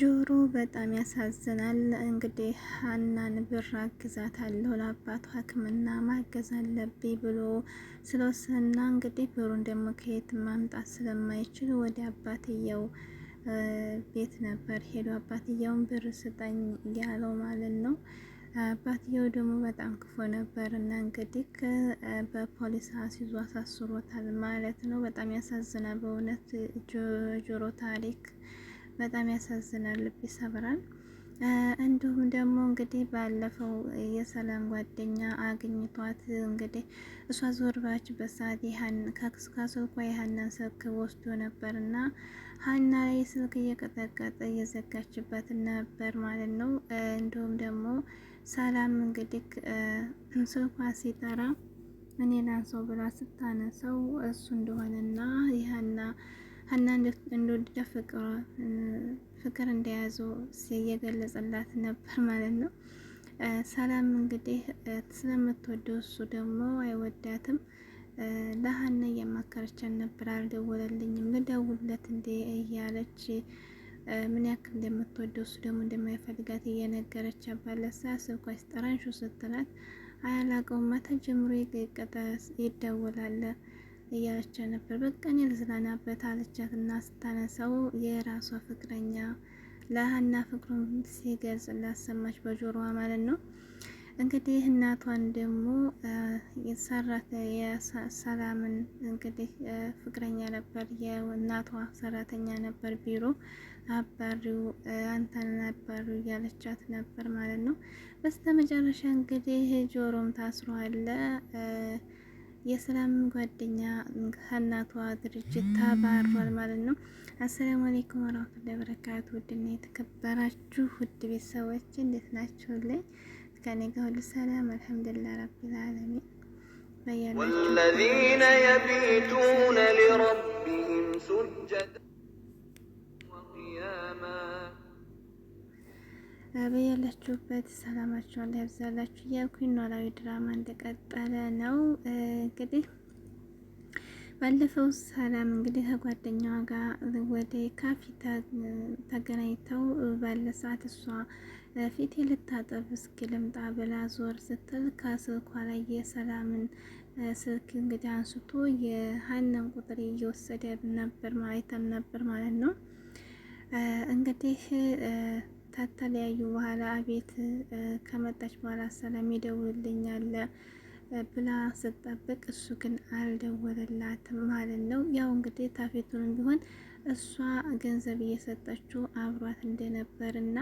ጆሮ በጣም ያሳዝናል። እንግዲህ ሀናን ብር አግዛታለሁ ለአባቱ ሕክምና ማገዝ አለብኝ ብሎ ስለወሰና እንግዲህ ብሩን ደግሞ ከየት ማምጣት ስለማይችል ወደ አባትየው ቤት ነበር ሄዶ አባትየውን ብር ስጠኝ ያለው ማለት ነው። አባትየው ደግሞ በጣም ክፉ ነበር እና እንግዲህ በፖሊስ አስይዞ አሳስሮታል ማለት ነው። በጣም ያሳዝናል በእውነት ጆሮ ታሪክ በጣም ያሳዝናል፣ ልብ ይሰብራል። እንዲሁም ደግሞ እንግዲህ ባለፈው የሰላም ጓደኛ አግኝቷት እንግዲህ እሷ ዞር ባች ሰዓት ከስልኳ የሀናን ስልክ ወስዶ ነበር እና ሀና ላይ ስልክ እየቀጠቀጠ እየዘጋችበት ነበር ማለት ነው። እንዲሁም ደግሞ ሰላም እንግዲህ ስልኳ ሲጠራ እኔ ላንሰው ብላ ስታነሰው እሱ እንደሆነና ይህና ሀና እንደወደደ ፍቅሯ ፍቅር እንደያዙ እየገለጸላት ነበር ማለት ነው። ሰላም እንግዲህ ስለምትወደው እሱ ደግሞ አይወዳትም። ለሀና እያማከረቻት ነበር። አልደወለልኝም ልደውልለት እንዴ እያለች ምን ያክል እንደምትወደው እሱ ደግሞ እንደማይፈልጋት እየነገረች ባለሳ ስልኳ ሲጠራንሹ ስትላት አያላቀው አያላቀውማ ተጀምሮ ይደወላል እያለች ነበር። በቃ እኔ ልዝናናበት አለቻት እና ስታነሳው የራሷ ፍቅረኛ ለሀና ፍቅሩን ሲገልጽ ላሰማች በጆሮዋ ማለት ነው። እንግዲህ እናቷን ደግሞ የሰላምን እንግዲህ ፍቅረኛ ነበር፣ የእናቷ ሰራተኛ ነበር፣ ቢሮ አባሪው አንተን አባሪው እያለቻት ነበር ማለት ነው። በስተመጨረሻ እንግዲህ ጆሮም ታስሮ የሰላም ጓደኛ ከእናቷ ድርጅት ተባሯል ማለት ነው። አሰላሙ አሌይኩም ወራህመቱላሂ ወበረካቱ። ውድና የተከበራችሁ ውድ ቤተሰቦች እንዴት ናችሁልኝ? ከኔ ጋር ሁሉ ሰላም አልሐምዱሊላህ ረቢል ዓለሚን። والذين يبيتون لربهم سجدا وقياما በያላችሁበት ሰላማችሁ አላህ ያብዛላችሁ እያልኩኝ ኖላዊ ድራማ እንደቀጠለ ነው። እንግዲህ ባለፈው ሰላም እንግዲህ ከጓደኛዋ ጋር ወደ ካፌ ተገናኝተው ባለ ሰዓት እሷ ፊቴ ልታጠብ እስኪ ልምጣ ብላ ዞር ስትል ከስልኳ ላይ የሰላምን ስልክ እንግዲህ አንስቶ የሀናን ቁጥር እየወሰደ ነበር ማለትም ነበር ማለት ነው እንግዲህ ከተለያዩ በኋላ አቤት ከመጣች በኋላ ሰላም ይደውልልኛል ብላ ስጠብቅ እሱ ግን አልደወለላትም ማለት ነው። ያው እንግዲህ ታፌቱንም ቢሆን እሷ ገንዘብ እየሰጠችው አብሯት እንደነበር እና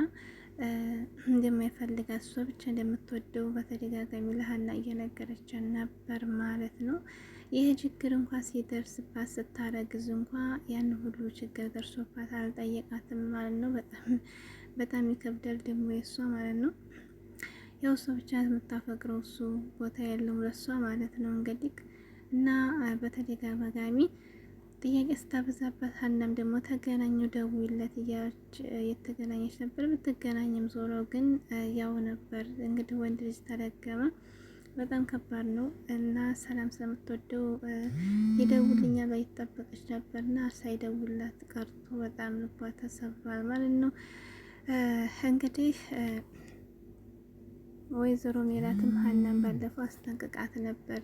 እንደማይፈልጋት እሷ ብቻ እንደምትወደው በተደጋጋሚ ለሀና እየነገረች ነበር ማለት ነው። ይህ ችግር እንኳ ሲደርስባት ስታረግዝ እንኳ ያን ሁሉ ችግር ደርሶባት አልጠየቃትም ማለት ነው በጣም በጣም ይከብዳል። ደግሞ የእሷ ማለት ነው ያው እሷ ብቻ የምታፈቅረው እሱ ቦታ ያለው ለእሷ ማለት ነው እንግዲህ እና በተደጋጋሚ ጥያቄ ስታበዛበት ሀናም ደግሞ ተገናኙ ደውይለት እያች የተገናኘች ነበር። ብትገናኝም ዞሮ ግን ያው ነበር እንግዲህ ወንድ ልጅ ተረገመ። በጣም ከባድ ነው እና ሰላም ስለምትወደው የደውልኛ ላይ ይጠበቀች ነበር እና ሳይደውላት ቀርቶ በጣም ልቧ ተሰብሯል ማለት ነው። እንግዲህ ወይዘሮ ሜላትም ሀናን ባለፈው አስጠንቅቃት ነበር።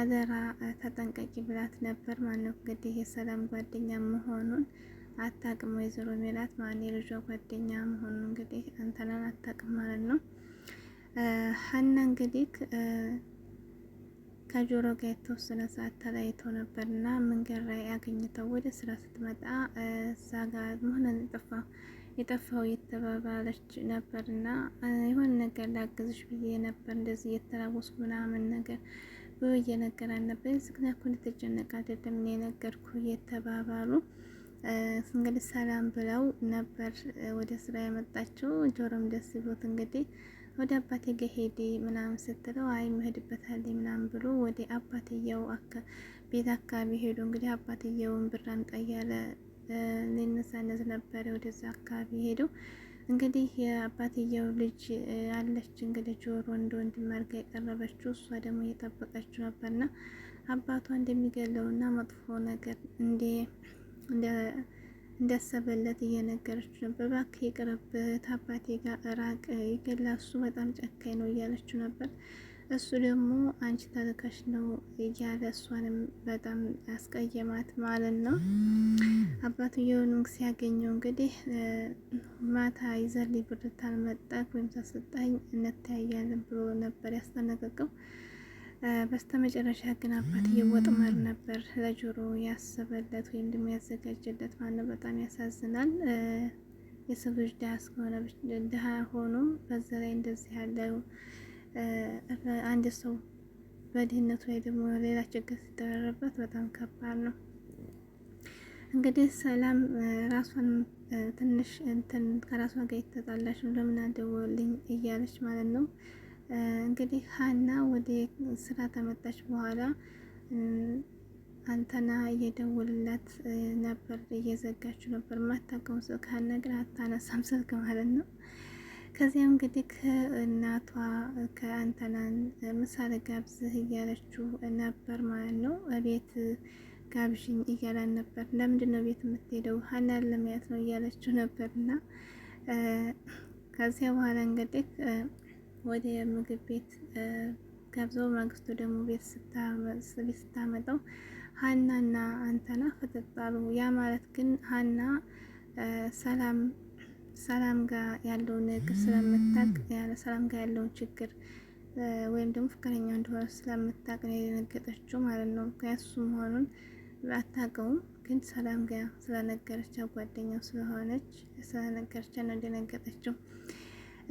አደራ ተጠንቀቂ ብላት ነበር። ማነው እንግዲህ የሰላም ጓደኛ መሆኑን አታቅም ወይዘሮ ሜላት ማን የልጇ ጓደኛ መሆኑን እንግዲህ አንተናን አታቅም ማለት ነው ሀና እንግዲህ ከጆሮ ጋር የተወሰነ ሰዓት ተለያይተው ነበር እና መንገድ ላይ አገኝተው ወደ ስራ ስትመጣ እዛ ጋር መሆነን ጠፋ የጠፋው የተባባለች ነበር እና የሆነ ነገር ላግዝሽ ብዬ ነበር እንደዚህ እየተላወስኩ ምናምን ነገር ብሎ እየነገር አልነበር ስክና እኮ እንደተጨነቀ አይደለም የነገርኩ የተባባሉ እንግዲህ ሰላም ብለው ነበር ወደ ስራ የመጣችው ጆሮም ደስ ብሎት እንግዲህ ወደ አባቴ ጋ ሄዲ ምናምን ስትለው አይ መሄድበታል ምናምን ብሎ ወደ አባትየው ቤት አካባቢ ሄዱ። እንግዲህ አባትየውን ብር አምጣ እያለ ሊነሳነስ ነበረ። ወደዛ አካባቢ ሄዱ። እንግዲህ የአባትየው ልጅ አለች እንግዲህ ጆሮ እንደ ወንድም አድርጋ የቀረበችው እሷ ደግሞ እየጠበቀችው ነበርና አባቷ እንደሚገለውና መጥፎ ነገር እንደ እንዳሰበለት እየነገረች ነበር። እባክህ ይቅርብህ፣ አባቴ ጋር ራቅ፣ ይገላ፣ እሱ በጣም ጨካኝ ነው እያለችው ነበር። እሱ ደግሞ አንቺ ተልከሽ ነው እያለ እሷንም በጣም ያስቀየማት ማለት ነው። አባትየውን ሲያገኘው እንግዲህ ማታ ይዘልኝ ብር ካልመጣህ ወይም ታሰጣኝ እንተያያለን ብሎ ነበር ያስጠነቀቀው። በስተመጨረሻ ግን አባትየው መር ነበር ለጆሮ ያሰበለት ወይም ደግሞ ያዘጋጀለት። ማነው በጣም ያሳዝናል። የሰው ልጅ ድሀ እስከሆነ ድሀ ሆኖ በዛ ላይ እንደዚህ ያለው አንድ ሰው በድህነቱ ላይ ደግሞ ሌላ ችግር ሲደረረበት በጣም ከባድ ነው። እንግዲህ ሰላም ራሷን ትንሽ ከራሷ ጋር የተጣላች ለምን አደወልኝ እያለች ማለት ነው እንግዲህ ሀና ወደ ስራ ከመጣች በኋላ አንተና እየደወልላት ነበር፣ እየዘጋችሁ ነበር። ማታቀው ስልክ ሀና ግን አታነሳም ስልክ ማለት ነው። ከዚያም እንግዲህ ከእናቷ ከአንተናን ምሳሌ ጋብዝህ እያለችው ነበር ማለት ነው። ቤት ጋብዥኝ እያላን ነበር። ለምንድን ነው ቤት የምትሄደው ሀናን ለማየት ነው እያለችው እና ከዚያ በኋላ እንግዲህ ወደ ምግብ ቤት ገብዞ ማግስቱ ደግሞ ቤት ስታመጠው ሀናና አንተና ፈጠጣሉ። ያ ማለት ግን ሀና ሰላም ሰላም ጋር ያለው ንግግር ስለምታቅ ያለ ሰላም ጋር ያለውን ችግር ወይም ደግሞ ፍቅረኛ እንደሆነ ስለምታቅ ነው የደነገጠችው ማለት ነው። ምክንያቱ እሱ መሆኑን አታውቀውም፣ ግን ሰላም ጋር ስለነገረቻት ጓደኛው ስለሆነች ስለነገረቻት ነው እንደነገጠችው።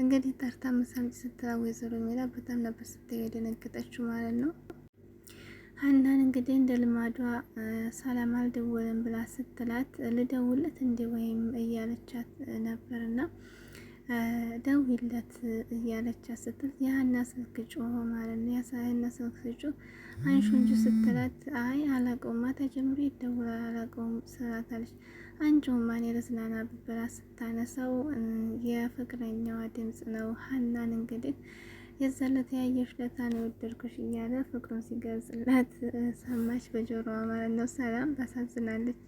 እንግዲህ ጠርታ መሳምጭ ስትላ ወይዘሮ ሜላ በጣም ነበር ስታይ የደነገጠችው ማለት ነው። ሀናን እንግዲህ እንደ ልማዷ ሰላም አልደወለም ብላ ስትላት ልደውለት እንደ ወይም እያለቻት ነበርና ደውለት እያለቻት ስትል የሀና ስልክ ጮሆ ማለት ነው። የሀና ስልክ ስጮህ አንሹ እንጂ ስትላት አይ አላቀውማ ተጀምሮ ይደውላል አላቀውም ስላታለች አንቺውማ ማኔር ልዝናና ብላ ስታነሳው የፍቅረኛዋ ድምፅ ነው። ሀናን እንግዲህ የዘለት ያየሽ ለታ ነው የወደድኩሽ እያለ ፍቅሩን ሲገልጽላት ሰማች በጆሮዋ ማለት ነው። ሰላም ታሳዝናለች።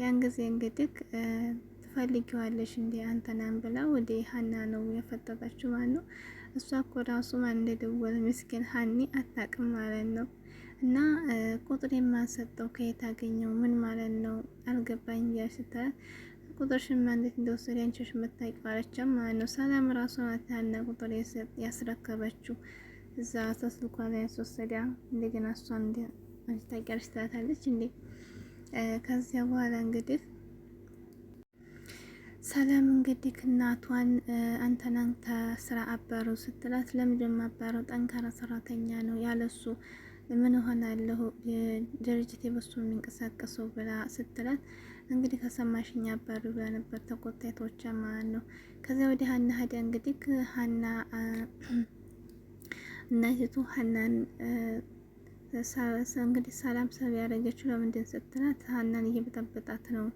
ያን ጊዜ እንግዲህ ትፈልጊዋለሽ እንዲ አንተናን ብላ ወደ ሀና ነው የፈጠጠችው ማለት ነው። እሷ እኮ ራሱ ማን እንደደወለ ምስኪን ሀኒ አታቅም ማለት ነው። እና ቁጥር የማሰጠው ከየት አገኘው ምን ማለት ነው አልገባኝ እያለች ቁጥር ሽማ እንዴት እንደወሰደ አንቺዎች የምታውቂው አለቻት ማለት ነው። ሰላም ራሷ ናት ያና ቁጥር ያስረከበችው እዛ ተስልኳ ላይ ያስወሰዳ እንደገና እሷ እንዲ አንቺ ትላታለች እንዴ ከዚያ በኋላ እንግዲህ ሰላም እንግዲህ እናቷን አንተናንተ ስራ አባረው ስትላት ለምንድን ማባረው ጠንካራ ሰራተኛ ነው ያለሱ ምን ሆናለሁ ድርጅቴ በሱ የሚንቀሳቀሰው ብላ ስትላት እንግዲህ ከሰማሽኝ አባሪ ብላ ነበር ተቆጣይቶች ማለት ነው። ከዚያ ወዲህ ሀና ሀዲ እንግዲህ ሀና እናይቱ ሀናን እንግዲህ ሰላም ሰብ ያደረገችው ለምንድን ስትላት ሀናን እየበጠበጣት ነው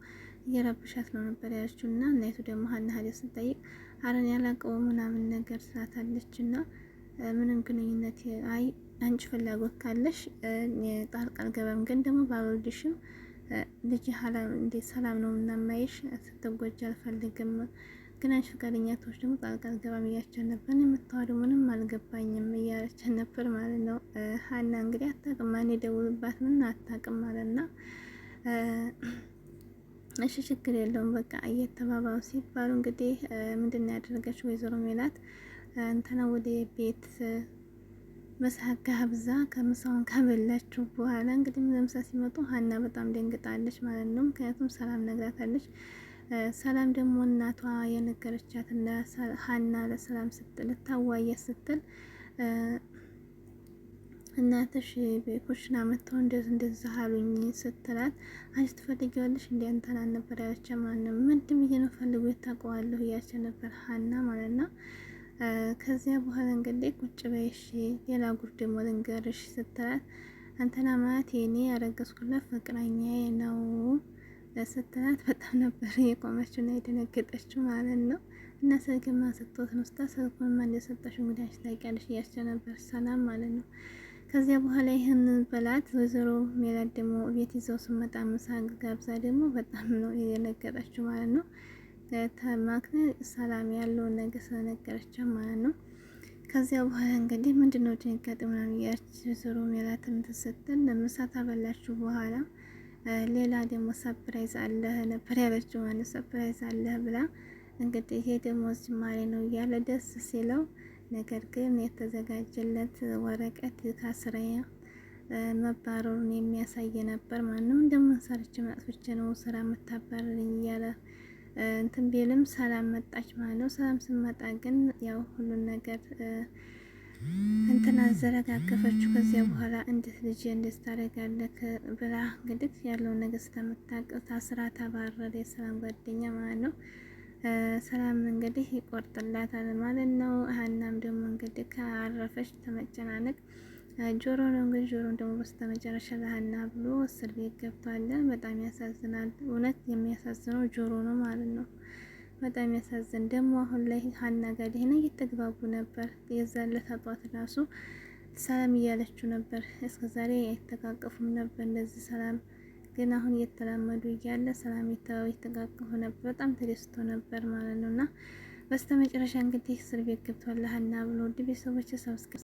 እየረብሻት ነው ነበር ያለችው እና እናይቱ ደግሞ ሀና ሀዲ ስንጠይቅ አረን ያላቀው ምናምን ነገር ስላታለች እና ምንም ግንኙነት አይ አንቺ ፍላጎት ካለሽ ጣልቃ አልገባም፣ ግን ደግሞ ባልወልድሽም ልጅ እንዴት ሰላም ነው እናማየሽ ስትጎጂ አልፈልግም። ግን አንቺ ፈቃደኛ ትሆንሽ ደግሞ ጣልቃ አልገባም እያቸው ነበር። የምታወሪው ምንም አልገባኝም እያለቻት ነበር ማለት ነው። ሀና እንግዲህ አታቅም፣ ማን ደውልባት ምን አታቅም ማለት ነው። እሺ ችግር የለውም በቃ እየተባባሩ ሲባሉ እንግዲህ ምንድን ያደረገች ወይዘሮ ሜላት እንትና ወደ ቤት በሳካ ብዛ ከምሳውን ከበላችሁ በኋላ እንግዲህ ምሳ ሲመጡ ሀና በጣም ደንግጣለች ማለት ነው። ምክንያቱም ሰላም ነግራታለች። ሰላም ደግሞ እናቷ የነገረቻት ሀና ለሰላም ስትል ታዋያ ስትል እናትሽ በኩሽና መጥተው እንደዚህ እንደዚህ አሉኝ ስትላት፣ አንቺ ትፈልጊዋለሽ እንደ አንተና ነበር ያለቻት ማለት ነው። ምንድን ብዬ ነው ፈልጎ የታውቀዋለሁ እያለች ነበር ሀና ማለት ነው። ከዚያ በኋላ እንግዲህ ቁጭ በይ እሺ፣ ሌላ ጉድ ደግሞ ልንገርሽ ስትላት አንተና ማለት የኔ ያረገዝኩላት ፍቅረኛዬ ነው ስትላት በጣም ነበር የቆመችው እና የደነገጠችው ማለት ነው። እና ስልክ ማ ሰጥቶት ነው ስታ ስልኩን ማን እንደሰጠሽ እንግዲህ አንቺ ታውቂያለሽ እያስቸ ነበር ሰላም ማለት ነው። ከዚያ በኋላ ይህን በላት ወይዘሮ ሜላት ደግሞ ቤት ይዘው ስመጣ ምሳ ጋብዛ ደግሞ በጣም ነው የደነገጠችው ማለት ነው። ተማክረን ሰላም ያለውን ነገር ስለነገረቻት ማለት ነው። ከዚያ በኋላ እንግዲህ ምንድነው ድንጋጤ ምናምን እያች ዞሮ ሜላትም ትስትል ምሳ ታበላችሁ በኋላ ሌላ ደግሞ ሰፕራይዝ አለህ ነበር ያለችው ማለት ሰፕራይዝ አለህ ብላ እንግዲህ ይሄ ደሞዝ ጅማሬ ነው እያለ ደስ ሲለው ነገር ግን የተዘጋጀለት ወረቀት ከስራዬ መባረሩን የሚያሳይ ነበር። ማንም እንደምን ሰርች መጥፍቼ ነው ስራ የምታባረርኝ እያለ እንትን ቢልም ሰላም መጣች ማለት ነው። ሰላም ስመጣ ግን ያው ሁሉን ነገር እንትን አዘረጋገፈችው። ከዚያ በኋላ እንዴት ልጅ እንዴት ታደርጋለህ ብላ እንግዲህ ያለውን ነገር ስለምታውቅ ታስራ ተባረረ። የሰላም ጓደኛ ማለት ነው። ሰላም እንግዲህ ይቆርጥላታል ማለት ነው። ሀናም ደግሞ እንግዲህ ካረፈች ተመጨናነቅ ጆሮ ነው እንግዲህ ጆሮ ደግሞ በስተመጨረሻ ለሀና ብሎ እስር ቤት ገብቷል። በጣም ያሳዝናል። እውነት የሚያሳዝነው ጆሮ ነው ማለት ነው። በጣም ያሳዝን ደግሞ አሁን ላይ ሀና ጋር ይሄን እየተግባቡ ነበር። የዛለት አጧት ራሱ ሰላም እያለችው ነበር። እስከ ዛሬ አይተቃቀፉም ነበር እንደዚህ ሰላም ግን አሁን እየተላመዱ እያለ ሰላም የተቃቀፉ ነበር። በጣም ተደስቶ ነበር ማለት ነው። እና በስተመጨረሻ እንግዲህ እስር ቤት ገብቷል ሀና ብሎ ውድ ቤተሰቦች ሰብስክ